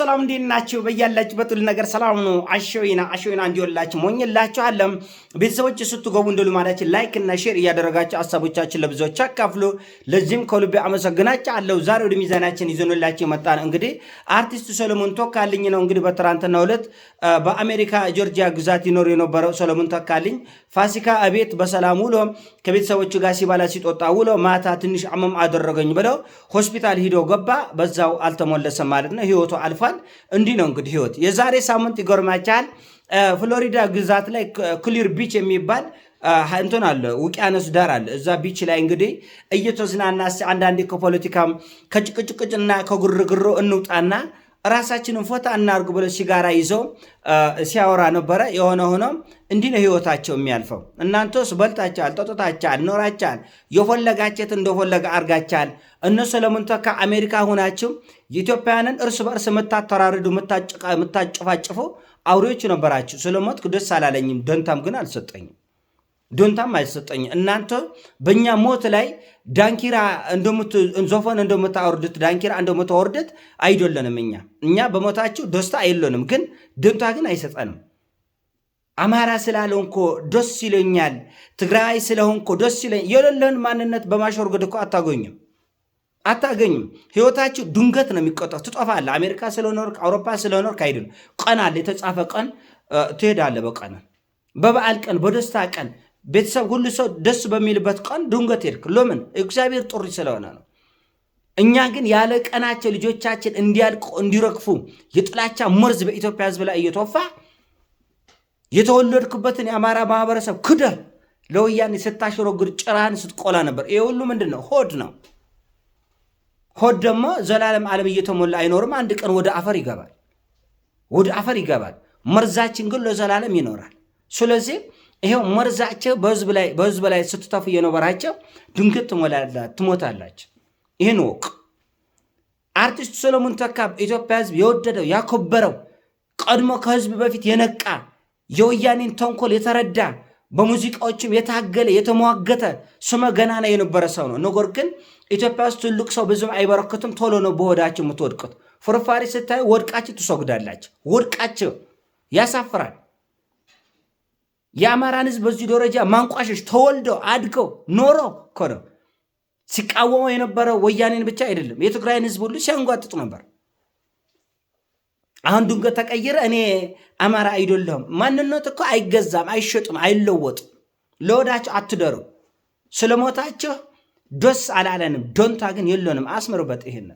ሰላም እንዴት ናችሁ? በያላችሁበት በጥል ነገር ሰላም ነው። አሾይና አሾይና እንዲወላችሁ አለም ቤተሰቦች ስትገቡ እንደሉ ማለች ላይክ እና ሼር እያደረጋችሁ ሀሳቦቻችን ለብዙዎች አካፍሎ ለዚህም ከልቤ አለው። ዛሬ ወደ ሚዛናችን ይዘንላችሁ ነው እንግዲህ አርቲስት ሰለሞን ተካልኝ ነው። እንግዲህ በትናንትናው ዕለት በአሜሪካ ጆርጂያ ግዛት ይኖር የነበረው ሰለሞን ተካልኝ ፋሲካ እቤት በሰላም ውሎ ከቤተሰቦቹ ጋር ሲባላ ሲጦጣ ውሎ ማታ ትንሽ አመም አደረገኝ ብለው ሆስፒታል ሂዶ ገባ። በዛው አልተሞለሰም ማለት ነው። ህይወቱ አልፏል። ብሏል። እንዲህ ነው እንግዲህ ህይወት። የዛሬ ሳምንት ይጎርማቻል፣ ፍሎሪዳ ግዛት ላይ ክሊር ቢች የሚባል እንትን አለ፣ ውቅያኖስ ዳር አለ። እዛ ቢች ላይ እንግዲህ እየተዝናና አንዳንዴ ከፖለቲካም ከጭቅጭቅጭና ከጉርግሮ እንውጣና ራሳችንን ፎታ እናርጉ ብለው ሲጋራ ይዞ ሲያወራ ነበረ። የሆነ ሆኖ እንዲህ ነው ህይወታቸው የሚያልፈው። እናንተስ በልታችኋል፣ ጠጦታችኋል፣ ኖራችኋል፣ የፈለጋችሁት እንደፈለገ አርጋችኋል። እነሱ ለምን ከአሜሪካ ሆናችሁ ኢትዮጵያንን እርስ በእርስ የምታተራርዱ የምታጭፋጭፉ አውሬዎቹ ነበራችሁ። ስለሞትኩ ደስ አላለኝም፣ ደንታም ግን አልሰጠኝም። ዶንታም አይሰጠኝ። እናንተ በእኛ ሞት ላይ ዳንኪራ ዞፈን እንደምታወርዱት ዳንኪራ እንደምታወርዱት አይደለንም። እኛ እኛ በሞታችሁ ደስታ አይለንም፣ ግን ዶንታ ግን አይሰጠንም። አማራ ስላልሆንኮ ደስ ይለኛል፣ ትግራይ ስለሆንኮ ደስ ይለኛል። የሌለን ማንነት በማሸርገድ እኮ አታገኙም አታገኝም። ህይወታችሁ ድንገት ነው የሚቆጠር። ትጠፋለህ። አሜሪካ ስለኖርክ አውሮፓ ስለኖርክ አይደል፣ ቀን አለ የተጻፈ ቀን ትሄዳለህ። በቀን በበዓል ቀን በደስታ ቀን ቤተሰብ ሁሉ ሰው ደስ በሚልበት ቀን ድንገት ሄድክ። ለምን? እግዚአብሔር ጥሪ ስለሆነ ነው። እኛ ግን ያለ ቀናቸው ልጆቻችን እንዲያልቁ እንዲረግፉ የጥላቻ መርዝ በኢትዮጵያ ሕዝብ ላይ እየተወፋ የተወለድክበትን የአማራ ማህበረሰብ ክደ ለወያኔ ስታሸረግር ጭራህን ስትቆላ ነበር። ይህ ሁሉ ምንድን ነው? ሆድ ነው። ሆድ ደግሞ ዘላለም ዓለም እየተሞላ አይኖርም። አንድ ቀን ወደ አፈር ይገባል፣ ወደ አፈር ይገባል። መርዛችን ግን ለዘላለም ይኖራል። ስለዚህ ይሄው መርዛቸው በህዝብ ላይ ላይ ስትተፉ የነበራቸው ድንገት ትሞታላቸው። ይህን ወቅ አርቲስት ሰሎሞን ተካ ኢትዮጵያ ህዝብ የወደደው ያከበረው ቀድሞ ከህዝብ በፊት የነቃ የወያኔን ተንኮል የተረዳ በሙዚቃዎችም የታገለ የተሟገተ ስመ ገናና የነበረ ሰው ነው። ነገር ግን ኢትዮጵያ ውስጥ ትልቅ ሰው ብዙም አይበረክትም። ቶሎ ነው በሆዳቸው የምትወድቁት። ፍርፋሪ ስታዩ ወድቃችሁ ትሰግዳላችሁ። ወድቃቸው ያሳፍራል። የአማራን ህዝብ በዚህ ደረጃ ማንቋሸሽ ተወልደው አድገው ኖሮ እኮ ነው ሲቃወመው የነበረው ወያኔን ብቻ አይደለም፣ የትግራይን ህዝብ ሁሉ ሲያንጓጥጡ ነበር። አሁን ድንገት ተቀይረ እኔ አማራ አይደለሁም። ማንነት እኮ አይገዛም፣ አይሸጥም፣ አይለወጥም። ለወዳቸው አትደሩ። ስለሞታቸው ደስ አላለንም። ዶንታ ግን የለንም። አስምሩበት። ይሄን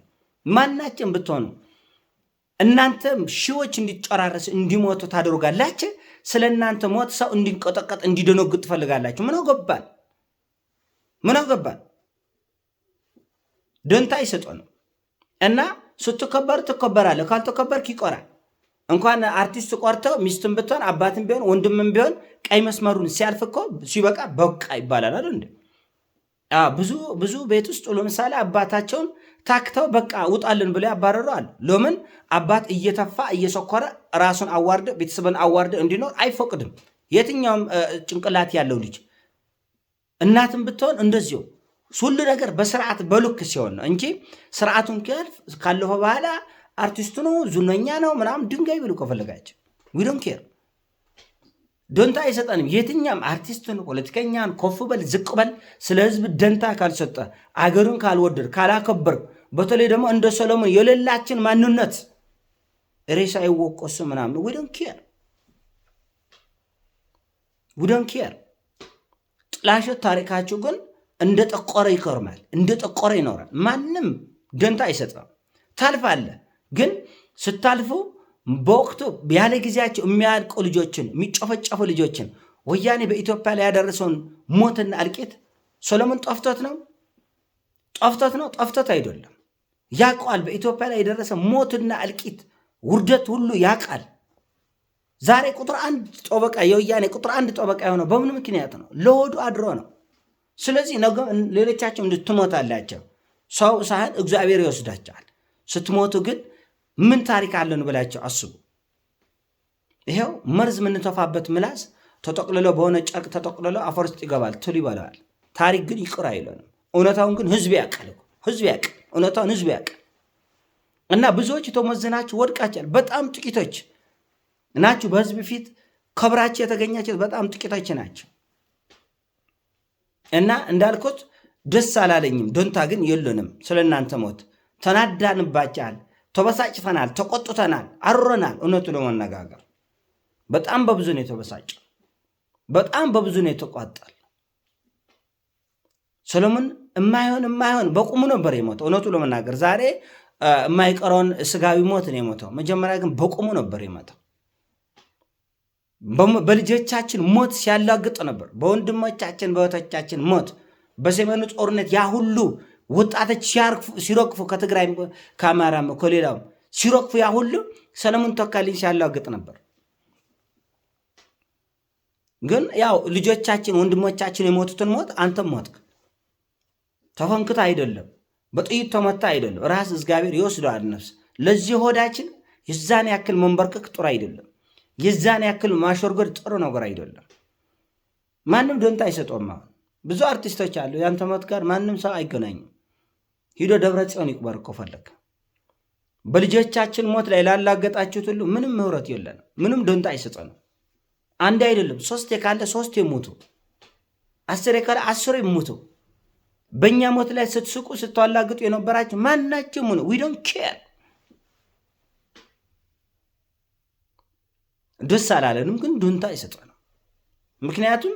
ማናችን ብትሆኑ እናንተም ሺዎች እንዲጨራረስ እንዲሞቱ ታደርጋላችሁ። ስለ እናንተ ሞት ሰው እንዲንቆጠቀጥ እንዲደነግጥ ትፈልጋላችሁ። ምን አገባን? ምን አገባን? ደንታ ይሰጠ ነው እና ስትከበር ትከበራለህ፣ ካልተከበርክ ይቆራል። እንኳን አርቲስት ቆርቶ ሚስትም ብትሆን አባትም ቢሆን ወንድምም ቢሆን ቀይ መስመሩን ሲያልፍ እኮ ሲበቃ በቃ ይባላል አይደል? ብዙ ብዙ ቤት ውስጥ ለምሳሌ አባታቸውን ታክተው በቃ ውጣልን ብሎ ያባረሩ አሉ። ለምን አባት እየተፋ እየሰኮረ ራሱን አዋርደ ቤተሰብን አዋርደ እንዲኖር አይፈቅድም የትኛውም ጭንቅላት ያለው ልጅ። እናትም ብትሆን እንደዚሁ ሁሉ ነገር በስርዓት በልክ ሲሆን ነው እንጂ ስርዓቱን ከልፍ ካለፈ በኋላ አርቲስቱ ነው ዙነኛ ነው ምናምን ድንጋይ ብሉ ከፈለጋቸው ዊ ዶንት ኬር ደንታ አይሰጠንም። የትኛም አርቲስትን፣ ፖለቲከኛን ኮፍ በል ዝቅ በል ስለ ህዝብ ደንታ ካልሰጠ፣ አገርን ካልወደድ፣ ካላከበር፣ በተለይ ደግሞ እንደ ሰሎሞን የሌላችን ማንነት ሬሳ አይወቆስ ምናምን ዊዶን ኬር ዊዶን ኬር። ጥላሸት ታሪካችሁ ግን እንደ ጠቆረ ይከርማል፣ እንደ ጠቆረ ይኖራል። ማንም ደንታ አይሰጠም። ታልፋለ ግን ስታልፈው በወቅቱ ያለ ጊዜያቸው የሚያልቁ ልጆችን የሚጨፈጨፉ ልጆችን ወያኔ በኢትዮጵያ ላይ ያደረሰውን ሞትና እልቂት ሶሎሞን ጠፍቶት ነው ጠፍቶት ነው ጠፍቶት አይደለም ያውቀዋል። በኢትዮጵያ ላይ የደረሰ ሞትና እልቂት ውርደት ሁሉ ያውቃል። ዛሬ ቁጥር አንድ ጠበቃ የወያኔ ቁጥር አንድ ጠበቃ የሆነው በምን ምክንያት ነው? ለሆዱ አድሮ ነው። ስለዚህ ሌሎቻቸው እንድትሞት አላቸው ሰው ሳህን እግዚአብሔር ይወስዳቸዋል። ስትሞቱ ግን ምን ታሪክ አለን ብላቸው አስቡ። ይሄው መርዝ የምንተፋበት ምላስ ተጠቅልሎ በሆነ ጨርቅ ተጠቅልሎ አፈር ውስጥ ይገባል፣ ትሉ ይበላዋል። ታሪክ ግን ይቅር አይለንም። እውነታውን ግን ህዝብ ያውቃል፣ ህዝብ ያውቃል፣ እውነታውን ህዝብ ያውቃል። እና ብዙዎች የተመዝናችሁ ወድቃችኋል። በጣም ጥቂቶች ናችሁ። በህዝብ ፊት ከብራችሁ የተገኛችሁት በጣም ጥቂቶች ናቸው። እና እንዳልኩት ደስ አላለኝም። ደንታ ግን የለንም። ስለ እናንተ ሞት ተናዳንባችኋል። ተበሳጭተናል፣ ተቆጥተናል፣ አሮናል። እውነቱ ለመነጋገር በጣም በብዙ ነው የተበሳጨ፣ በጣም በብዙ ነው የተቋጣል። ሰሎሞን የማይሆን የማይሆን በቁሙ ነበር የሞተው። እውነቱ ለመናገር ዛሬ የማይቀረውን ስጋዊ ሞት ነው የሞተው። መጀመሪያ ግን በቁሙ ነበር የሞተው። በልጆቻችን ሞት ሲያላግጥ ነበር፣ በወንድሞቻችን በእህቶቻችን ሞት፣ በሰሜኑ ጦርነት ያ ሁሉ ወጣቶች ሲሮቅፉ ከትግራይ ከአማራ ከሌላው ሲሮቅፉ ያ ሁሉ ሰለሞን ተካልኝ ሲያላግጥ ነበር። ግን ያው ልጆቻችን ወንድሞቻችን የሞቱትን ሞት አንተም ሞትክ። ተፈንክተ አይደለም በጥይት ተመታ አይደለም ራስ እግዚአብሔር ይወስደዋል ነፍስ። ለዚህ ሆዳችን የዛን ያክል መንበርከክ ጥሩ አይደለም። የዛን ያክል ማሸርገድ ጥሩ ነገር አይደለም። ማንም ደንታ አይሰጠውም። አሁን ብዙ አርቲስቶች አሉ። ያንተ ሞት ጋር ማንም ሰው አይገናኝም። ሂዶ ደብረ ጽዮን ይቅበር እኮ ፈለግ በልጆቻችን ሞት ላይ ላላገጣችሁት ሁሉ ምንም ምህረት የለን፣ ምንም ደንታ አይሰጠን። አንድ አይደለም ሶስቴ ካለ ሶስቴ ሞቱ፣ አስሬ ካለ አስሬ ሞቱ። በእኛ ሞት ላይ ስትስቁ ስታላግጡ የነበራችሁ ማናችሁም ነው። ዊ ዶንት ኬር ደስ አላለንም፣ ግን ዱንታ አይሰጠንም። ምክንያቱም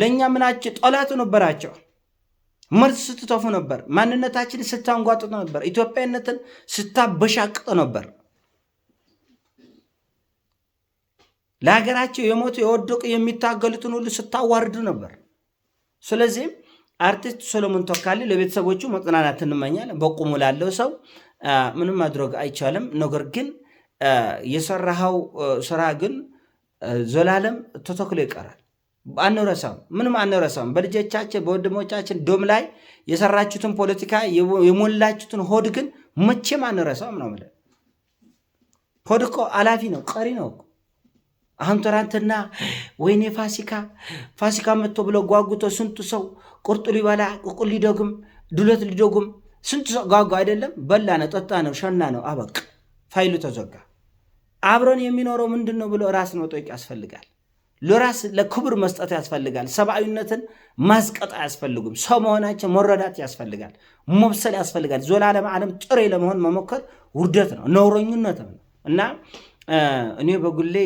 ለእኛ ምናቸው ጠላት ነበራቸው። መርዝ ስትተፉ ነበር። ማንነታችን ስታንጓጥጡ ነበር። ኢትዮጵያዊነትን ስታበሻቅጡ ነበር። ለሀገራቸው የሞቱ የወደቁ የሚታገሉትን ሁሉ ስታዋርዱ ነበር። ስለዚህም አርቲስት ሰሎሞን ቶካሊ ለቤተሰቦቹ መጽናናት እንመኛለን። በቁሙ ላለው ሰው ምንም ማድረግ አይቻልም። ነገር ግን የሰራኸው ስራ ግን ዘላለም ተተክሎ ይቀራል። አንረሳም፣ ምንም አንረሳም። በልጆቻችን በወንድሞቻችን ዶም ላይ የሰራችሁትን ፖለቲካ የሞላችሁትን ሆድ ግን መቼም አንረሳም ነው የምልህ። ሆድ እኮ አላፊ ነው ቀሪ ነው። አሁን ትናንትና ወይኔ ፋሲካ ፋሲካ መጥቶ ብሎ ጓጉቶ ስንቱ ሰው ቁርጡ ሊበላ ቁቁል ሊደጉም ዱለት ሊደጉም ስንቱ ሰው ጓጉ አይደለም። በላ ነው ጠጣ ነው ሸና ነው አበቅ ፋይሉ ተዘጋ። አብረን የሚኖረው ምንድን ነው ብሎ ራስን መጠየቅ ያስፈልጋል። ለራስ ለክብር መስጠት ያስፈልጋል። ሰብአዊነትን ማስቀጥ አያስፈልጉም። ሰው መሆናቸው መረዳት ያስፈልጋል። መብሰል ያስፈልጋል። ዘላለም ዓለም ጥሬ ለመሆን መሞከር ውርደት ነው፣ ነውረኝነት ነው እና እኔ በጉሌ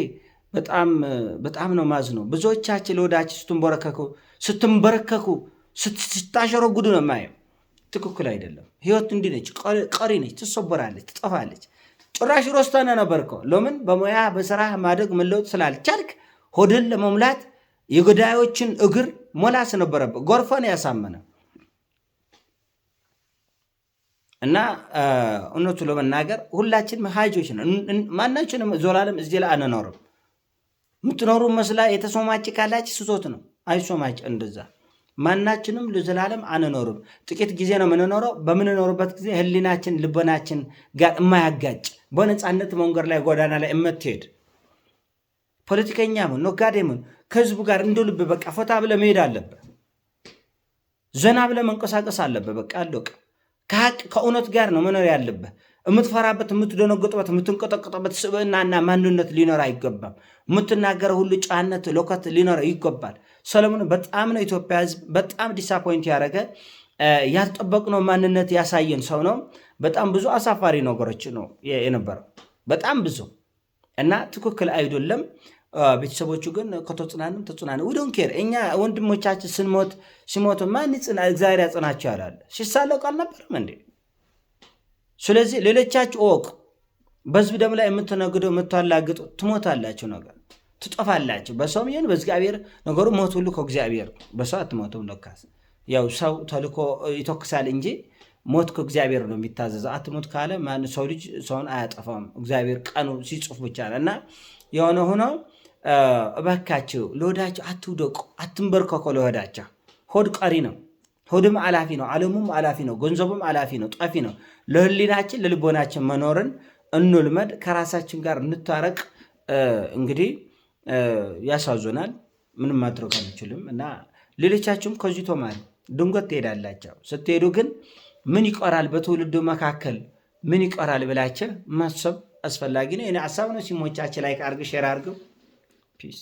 በጣም በጣም ነው ማዝ ነው። ብዙዎቻችን ለወዳች ስትንበረከኩ ስትንበረከኩ ስታሸረጉዱ ነው የማየው። ትክክል አይደለም። ህይወት እንዲህ ነች፣ ቀሪ ነች፣ ትሰበራለች፣ ትጠፋለች። ጭራሽ ሮስተነ ነበርከው ለምን በሙያ በስራ ማደግ መለወጥ ስላልቻልክ ሆድን ለመሙላት የገዳዮችን እግር ሞላስ ነበረበት። ጎርፈን ያሳመነ እና እውነቱ ለመናገር ሁላችን መሃጆች ነው። ማናችንም ዘላለም እዚህ ላይ አንኖርም። የምትኖሩ መስላ የተሶማጭ ካላች ስቶት ነው። አይሶማጭ እንደዛ ማናችንም ለዘላለም አንኖርም። ጥቂት ጊዜ ነው የምንኖረው። በምንኖርበት ጊዜ ህሊናችን ልቦናችን ጋር የማያጋጭ በነፃነት መንገድ ላይ ጎዳና ላይ የምትሄድ ፖለቲከኛ ምን ነጋዴ ምን ከህዝቡ ጋር እንደ ልብ በቃ ፈታ ብለ መሄድ አለበት። ዘና ብለ መንቀሳቀስ አለበ በቃ አለቀ። ከሀቅ ከእውነት ጋር ነው መኖር ያለበ። የምትፈራበት፣ የምትደነግጥበት፣ የምትንቀጠቀጥበት ስብዕናና ማንነት ሊኖር አይገባም። የምትናገረ ሁሉ ጫነት፣ ሎከት ሊኖር ይገባል። ሰለሞን በጣም ነው ኢትዮጵያ ህዝብ በጣም ዲሳፖይንት ያደረገ ያልጠበቅነው ማንነት ያሳየን ሰው ነው። በጣም ብዙ አሳፋሪ ነገሮች ነው የነበረው። በጣም ብዙ እና ትክክል አይደለም። ቤተሰቦቹ ግን ከተጽናንም ተጽናን ውዶን ኬር እኛ ወንድሞቻችን ስንሞት ሲሞቱ ማን እግዚአብሔር ያጽናቸው ያላለ ሲሳለቁ አልነበረም እንዴ? ስለዚህ ሌሎቻችሁ እወቁ። በህዝብ ደም ላይ የምትነግዱ የምታላግጡ ትሞታላችሁ፣ ነገር ትጠፋላችሁ። በሰውም ይሁን በእግዚአብሔር ነገሩ ሞት ሁሉ ከእግዚአብሔር በሰው አትሞቱም። ለካስ ያው ሰው ተልኮ ይተኩሳል እንጂ ሞት ከእግዚአብሔር ነው የሚታዘዘ። አትሞት ካለ ማን ሰው ልጅ ሰውን አያጠፋም። እግዚአብሔር ቀኑ ሲጽፍ ብቻ ነው። እና የሆነ ሆኖ እባካችሁ ለወዳቸው አትውደቁ፣ አትንበርከኮ። ለወዳቸው ሆድ ቀሪ ነው፣ ሆድም አላፊ ነው፣ ዓለሙም አላፊ ነው፣ ገንዘቡም አላፊ ነው፣ ጠፊ ነው። ለህሊናችን ለልቦናችን መኖርን እንልመድ፣ ከራሳችን ጋር እንታረቅ። እንግዲህ ያሳዙናል፣ ምንም ማድረግ አንችልም። እና ሌሎቻችሁም ከዚህ ተማሪ ድንጎት ትሄዳላቸው። ስትሄዱ ግን ምን ይቀራል? በትውልዱ መካከል ምን ይቀራል ብላችሁ ማሰብ አስፈላጊ ነው። የኔ ሀሳብ ነው። ሲሞቻችን ላይ አድርግ፣ ሼር አድርገው። ፒስ